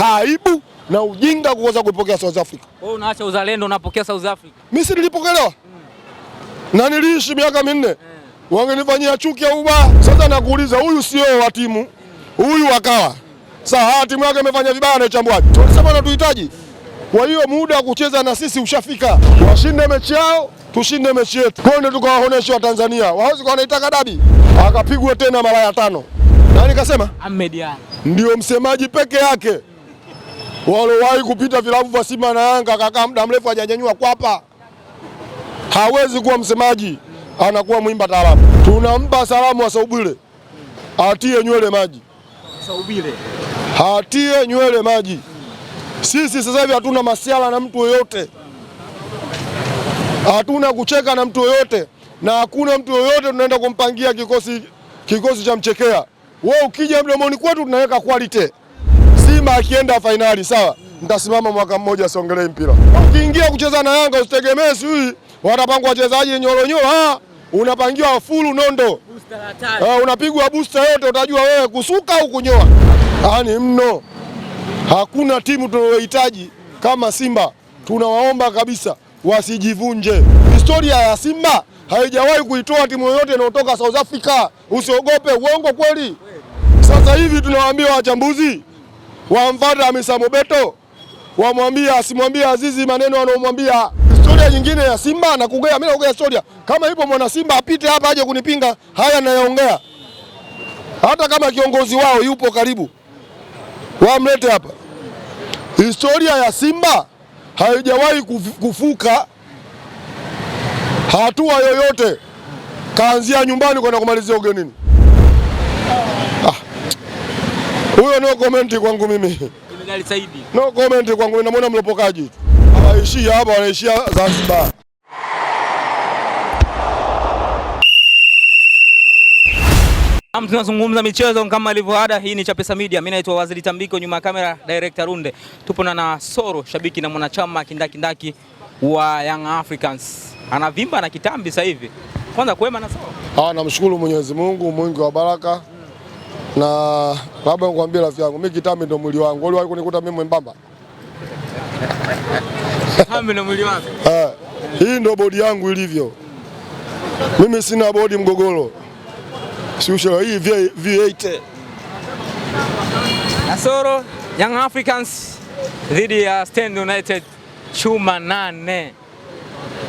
aibu na ujinga kuweza kuipokea South Africa. Wewe unaacha uzalendo unapokea South Africa. Mimi si nilipokelewa mm. na niliishi miaka minne yeah. Hmm. wangenifanyia chuki au ba. Sasa nakuuliza huyu sio wa timu hmm. huyu mm. akawa mm. sawa ah, timu yake imefanya vibaya na uchambwaji tulisema na tuhitaji mm. kwa hiyo muda wa kucheza na sisi ushafika, washinde mechi yao tushinde mechi yetu, wa Tanzania Watanzania kwa wanaitaka dabi, akapigwa tena mara ya tano. Na nikasema Ahmed, ndio msemaji peke yake waliowahi kupita vilabu vya Simba na Yanga kakaa muda mrefu hajanyanyua kwapa, hawezi kuwa msemaji, anakuwa mwimba taarabu. Tunampa salamu Asaubile atie nywele maji, Asaubile atie nywele maji. Sisi sasa hivi hatuna masiala na mtu yoyote, hatuna kucheka na mtu yoyote, na hakuna mtu yoyote tunaenda kumpangia kikosi, kikosi cha mchekea. We ukija mdomoni kwetu tunaweka quality Simba akienda fainali sawa, nitasimama mwaka mmoja siongelee mpira. Ukiingia kucheza na Yanga usitegemee sijui watapangwa wachezaji nyoronyoro, unapangiwa fulu nondo, eh, unapigwa busta yote, utajua wewe kusuka au kunyoa. Yaani mno, hakuna timu tunayohitaji kama Simba. Tunawaomba kabisa wasijivunje. Historia ya Simba haijawahi kuitoa timu yoyote inayotoka South Africa. Usiogope, uongo kweli. Sasa hivi tunawaambia wachambuzi wamfata Hamisa Mobeto, wamwambia asimwambie Azizi maneno anaomwambia. Historia nyingine ya Simba na kugea, mimi naongea historia kama ipo, mwana Simba apite hapa aje kunipinga haya nayaongea, hata kama kiongozi wao yupo karibu, wamlete hapa. Historia ya Simba haijawahi kufuka hatua yoyote, kaanzia nyumbani kwenda kumalizia ugenini. Huyo no comment kwangu mimi. Jenerali Saidi. No comment kwangu mimi, namwona mlopokaji tu. Hawaishia hapa, wanaishia Zanzibar. Tunazungumza michezo kama ilivyo ada. Hii ni Chapesa Media. Mimi naitwa Waziri Tambiko, nyuma ya kamera director Runde. Tupo na Soro, shabiki na mwanachama kindakindaki wa Young Africans. Anavimba na kitambi sasa hivi. Kwanza kwema Soro? Ah, namshukuru Mwenyezi Mungu, mwingi wa baraka na labda nikwambie rafiki yangu, mimi kitambi ndo mwili wangu. Uliwahi kunikuta mimi mwembamba? Kitambi ndo mwili wangu. Eh, hii ndo bodi yangu ilivyo. Mimi sina bodi mgogoro, siusha hii V8 Nasoro Young Africans dhidi ya Stand United chuma nane.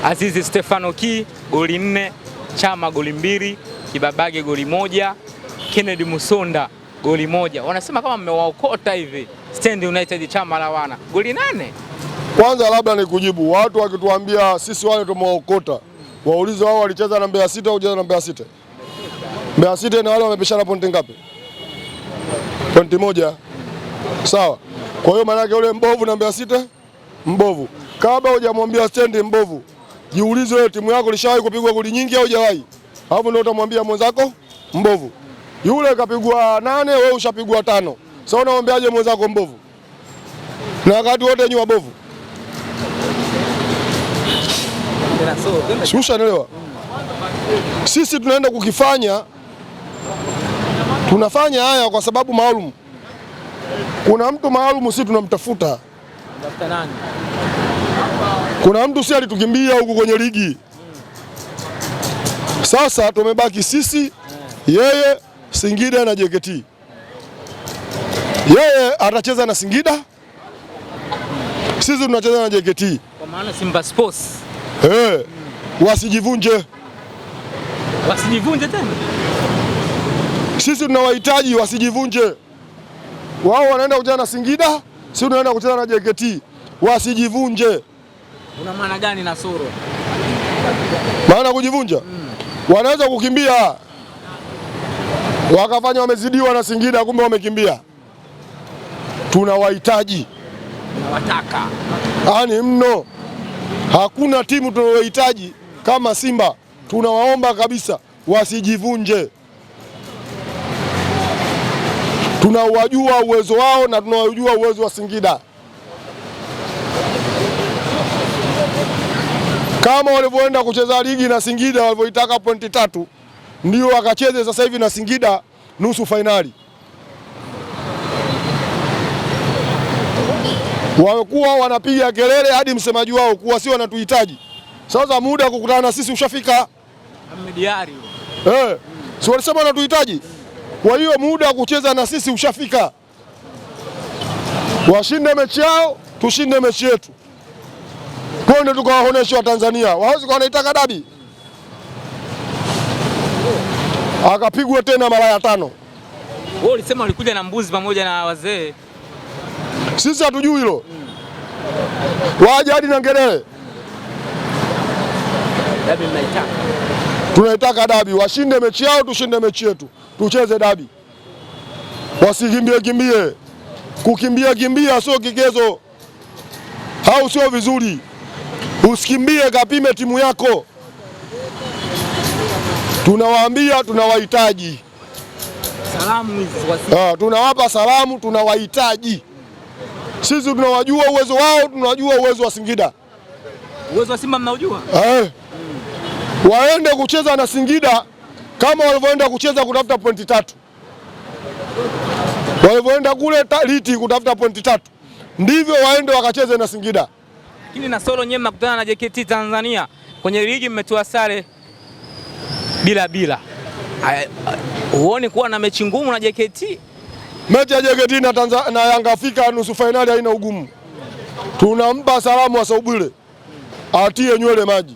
Azizi Stefano Ki goli nne, Chama goli mbili, Kibabage goli moja. Kennedy Musonda goli moja. Wanasema kama mmewaokota hivi Stand United chama la wana goli nane. Kwanza labda ni kujibu watu wakituambia sisi wale tumewaokota, waulize wao walicheza na Mbeya City au kucheza na Mbeya City? Mbeya City na wale wamepishana pointi ngapi? Pointi moja, sawa. Kwa hiyo yake yule mbovu na Mbeya City mbovu. Kabla hujamwambia Stand mbovu, jiulize wewe, timu yako ilishawahi kupigwa goli nyingi au hajawahi? Alafu ndio utamwambia mwenzako mbovu yule kapigwa nane, wewe ushapigwa tano. Sasa unaombeaje mwenzako mbovu, na wakati wote nyinyi bovu Si ushanielewa? Sisi tunaenda kukifanya, tunafanya haya kwa sababu maalum. Kuna mtu maalum, si tunamtafuta. Kuna mtu si alitukimbia huku kwenye ligi. Sasa tumebaki sisi, yeye Singida na JKT. Yeye atacheza na Singida, sisi tunacheza na JKT. Kwa maana Simba Sports hey, wasijivunje, wasijivunje tena. Sisi tunawahitaji wasijivunje, wao wanaenda kucheza na Singida, sisi tunaenda kucheza na JKT, wasijivunje. Una maana gani na Soro? Maana kujivunja hmm. wanaweza kukimbia wakafanya wamezidiwa na Singida, kumbe wamekimbia. Tunawahitaji, tunawataka yani mno. Hakuna timu tunayohitaji kama Simba. Tunawaomba kabisa wasijivunje, tunawajua uwezo wao na tunawajua uwezo wa Singida kama walivyoenda kucheza ligi na Singida walivyoitaka pointi tatu ndio akacheze sasa hivi na Singida nusu fainali. Wamekuwa wanapiga kelele hadi msemaji wao kuwa si wanatuhitaji. Sasa muda wa kukutana na sisi ushafika. Amediari. Eh, Si walisema wanatuhitaji. Kwa hiyo muda wa kucheza na sisi ushafika. Washinde mechi yao, tushinde mechi yetu. Kwenda tukawaonesha Watanzania. Hawawezi wanaitaka dabi. akapigwa tena mara ya tano. Wewe ulisema walikuja na mbuzi pamoja na wazee, sisi hatujui hilo mm. waje hadi na Ngerele dabi mnaitaka, tunaitaka dabi, washinde mechi yao, tushinde mechi yetu, tucheze dabi, wasikimbie kimbie. Kukimbia kimbia sio kigezo au sio vizuri. Usikimbie, kapime timu yako tunawaambia tunawahitaji, ah, tunawapa salamu, tunawahitaji. Sisi tunawajua uwezo wao, tunajua uwezo wa Singida, uwezo wa Simba mnaujua eh. Hmm. Waende kucheza na Singida kama walivyoenda kucheza kutafuta pointi tatu, walivyoenda kule Liti kutafuta pointi tatu, ndivyo waende wakacheze na Singida. Lakini na Solo nyewe mnakutana na JKT Tanzania kwenye ligi, mmetoa sare bila bila. Huoni kuwa na mechi ngumu na JKT? Mechi ya JKT na Tanzania na Yanga Afrika nusu fainali haina ugumu. Tunampa salamu wa Saubile atie nywele maji,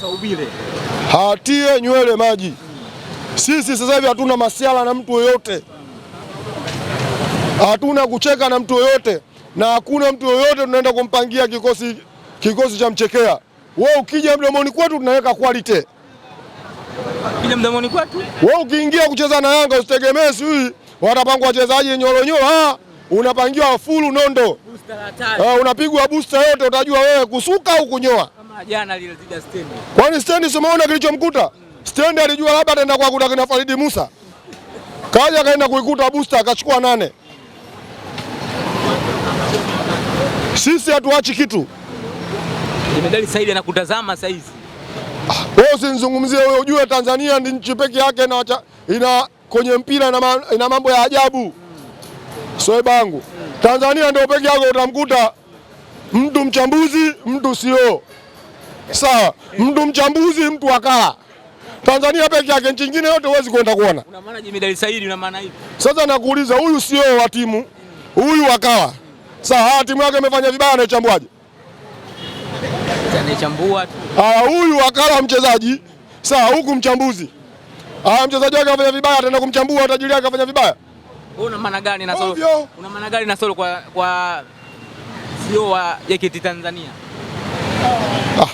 Saubile atie nywele maji. Sisi sasa hivi hatuna masiala na mtu yoyote, hatuna kucheka na mtu yoyote, na hakuna mtu yoyote tunaenda kumpangia kikosi, kikosi cha mchekea. Wewe ukija mdomoni kwetu tunaweka quality kuja mdomoni kwetu. Wewe ukiingia kucheza na Yanga usitegemee sisi watapangwa wachezaji nyoronyoro, unapangiwa fulu nondo. Uh, unapigwa busta yote utajua wewe kusuka au kunyoa. Kama jana stendi. Kwani stendi simeona kilichomkuta? Mm. Stendi alijua labda ataenda kwa kuta kina Faridi Musa. Kaja kaenda kuikuta busta, akachukua nane. Sisi hatuachi kitu. Jemedali Saidi anakutazama saizi. Wewe usinizungumzie wewe, ujue Tanzania ni nchi peke yake na ina kwenye mpira ina, ina mambo ya ajabu soe bangu. Tanzania ndio peke yake utamkuta mtu mchambuzi, mtu sio sawa, mtu mchambuzi, mtu akaa Tanzania peke yake, nchi nyingine yote huwezi kwenda kuona. Una maana Jemedali Saidi, una maana hivi? Sasa nakuuliza, huyu sio wa timu huyu, akawa sawa, timu yake imefanya vibaya, anachambwaje? anachambua. Haya, huyu akala mchezaji sawa, huku mchambuzi. Ah, mchezaji wake afanya vibaya, ataenda kumchambua, atajulia akafanya vibaya. Wewe una maana gani na Solo? Una maana gani na Solo kwa kwa sio e wa JKT Tanzania? Ah.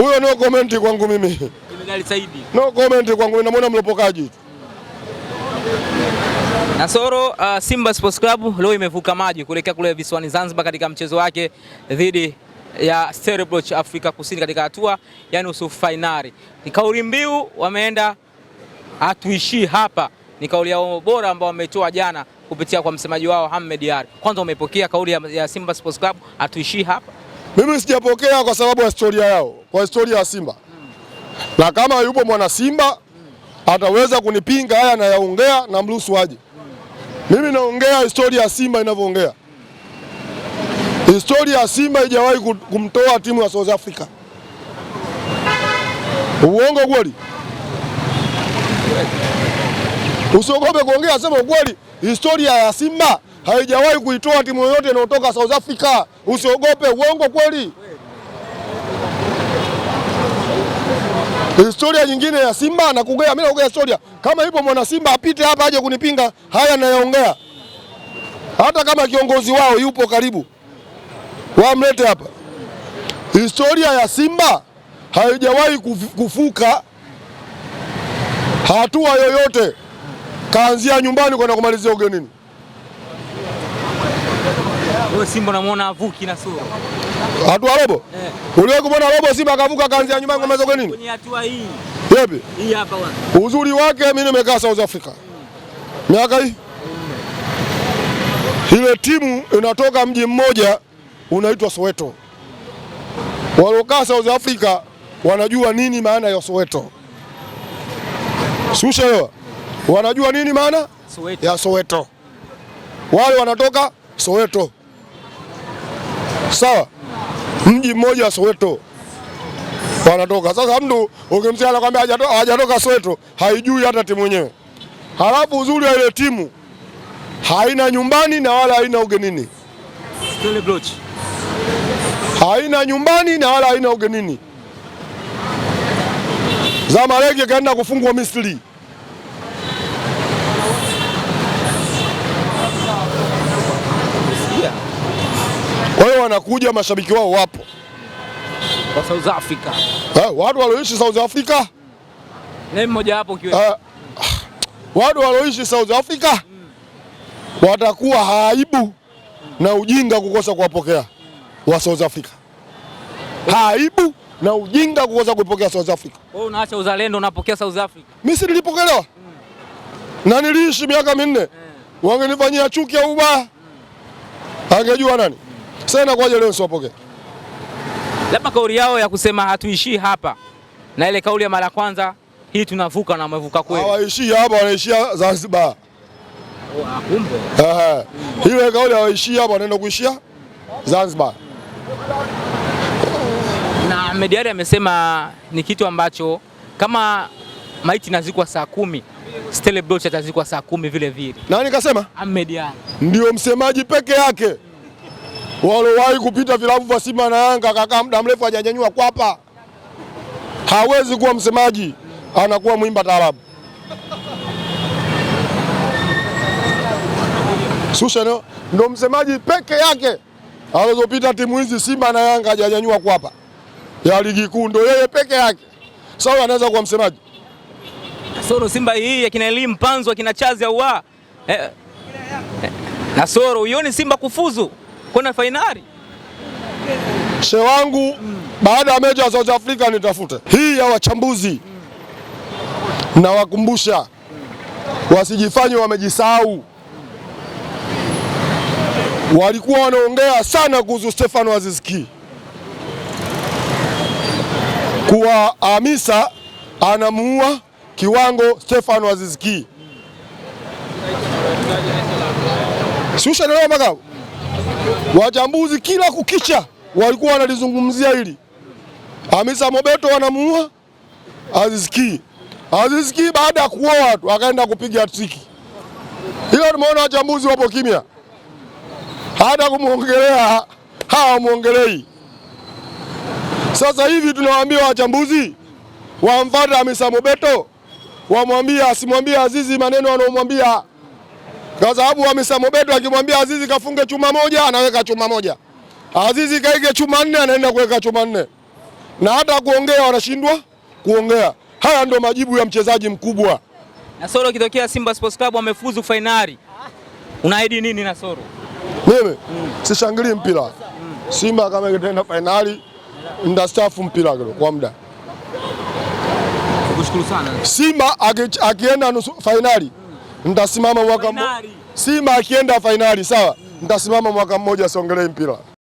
Huyo no comment kwangu mimi. Imegari Saidi. No comment kwangu mimi, namwona mlopokaji. Nasoro uh, ah, Simba Sports Club leo imevuka maji kuelekea kule visiwani Zanzibar katika mchezo wake dhidi ya Stellenbosch Afrika Kusini katika hatua ya nusu fainali. Ni kauli mbiu wameenda hatuishii hapa, ni kauli yao bora ambao wametoa jana kupitia kwa msemaji wao Ahmed Yari. Kwanza umepokea kauli ya, ya Simba Sports Club hatuishii hapa? Mimi sijapokea kwa sababu ya historia yao, kwa historia ya Simba hmm. na kama yupo mwana Simba hmm. ataweza kunipinga haya nayaongea na mruhusu aje. Hmm. Mimi naongea historia ya Simba inavyoongea Historia ya Simba haijawahi kumtoa timu ya South Africa. Uongo kweli? Usiogope kuongea, sema ukweli. Historia ya Simba haijawahi kuitoa timu yoyote inayotoka South Africa. Usiogope. Uongo kweli? Historia nyingine ya Simba nakugea, mimi naongea historia. Kama ipo mwana Simba apite hapa aje kunipinga haya nayaongea, hata kama kiongozi wao yupo karibu wamlete hapa. Historia ya Simba haijawahi kufuka hatua yoyote, kaanzia nyumbani kwenda kumalizia ugenini. Simba unamwona avuki na sura hatua robo eh. Uliwahi kumwona robo Simba akavuka kaanzia nyumbani kumaliza nini? kwenye hatua hii? hii hapa Uzuri wake mimi nimekaa South Africa mm. miaka hii, mm. ile timu inatoka mji mmoja unaitwa Soweto. Waliokaa South Africa wanajua nini maana ya Soweto, sushaewa, wanajua nini maana Soweto, ya Soweto. Wale wanatoka Soweto, sawa, mji mmoja wa Soweto wanatoka. Sasa mtu ukimsikia anakuambia hajatoka Soweto, haijui hata timu yenyewe. Halafu uzuri wa ile timu haina nyumbani na wala haina ugenini. Stony Bloch haina nyumbani na wala haina ugenini. Zamalek kaenda kufungwa Misri. Kwa hiyo wanakuja mashabiki wao wapo kwa South Africa. Eh, watu walioishi South Africa mmoja hapo kiwe. Eh, watu walioishi South Africa watakuwa haibu na ujinga kukosa kuwapokea wa South Africa, haibu na ujinga kukosa kuipokea South Africa. Wewe unaacha uzalendo unapokea South Africa? Mimi si nilipokelewa mm. na niliishi miaka minne mm. wangenifanyia chuki au ba mm. angejua nani mm. sasa inakuwaje leo siwapokea? Labda kauli yao ya kusema hatuishii hapa na ile kauli ya mara kwanza hii tunavuka na wamevuka kweli. Hawaishii hapa wanaishia Zanzibar. Ehe, ile kauli awaishia hapa, anaenda kuishia Zanzibar. Na Ahmed Ally amesema ni kitu ambacho kama maiti nazikwa saa kumi Stele Bloch atazikwa saa kumi vile vile. Nani kasema? Ahmed Ally ndio msemaji peke yake walowahi kupita vilabu vya Simba na Yanga, kakaa muda mrefu hajanyanyua kwapa. Hawezi kuwa msemaji, anakuwa mwimba taarabu. Sushen ndo msemaji peke yake alizopita timu hizi Simba na Yanga hajanyanyua kwapa ya ligi kuu, ndo yeye peke yake. Sawa, anaweza kuwa msemaji Soro Simba hii akina elimu panzo akina chazi au wa eh, eh, Soro uioni Simba kufuzu kwenda fainali she wangu mm. Baada ya mechi ya South Africa nitafute hii ya wachambuzi mm. Nawakumbusha mm. wasijifanye wamejisahau walikuwa wanaongea sana kuhusu Stefano Azizki kuwa Hamisa anamuua kiwango Stefano Azizki, si ushanielewa? Mpaka wachambuzi kila kukicha walikuwa wanalizungumzia hili, Hamisa Mobeto anamuua Azizki. Azizki baada ya kuoa tu akaenda kupiga triki. Hilo tumeona wachambuzi wapo kimya hata kumwongelea hawa wamwongelei. Sasa hivi tunawaambia wachambuzi wamfuate Hamisa Mobeto, wamwambie asimwambie Azizi maneno anaomwambia, kwa sababu Hamisa Mobeto akimwambia Azizi kafunge chuma moja anaweka chuma moja, Azizi kaige chuma nne anaenda kuweka chuma nne, na hata kuongea wanashindwa kuongea. Haya ndo majibu ya mchezaji mkubwa. Nasoro, kitokea Simba Sports Club wamefuzu fainali, unaahidi nini Nasoro? Mimi mm. sishangilii mpira mm. Simba kama ikitaenda fainali ndastafu mpira kidogo kwa muda. Simba akienda nusu fainali nitasimama mwaka mmoja. Simba akienda fainali sawa, nitasimama mwaka mmoja, siongelee mpira.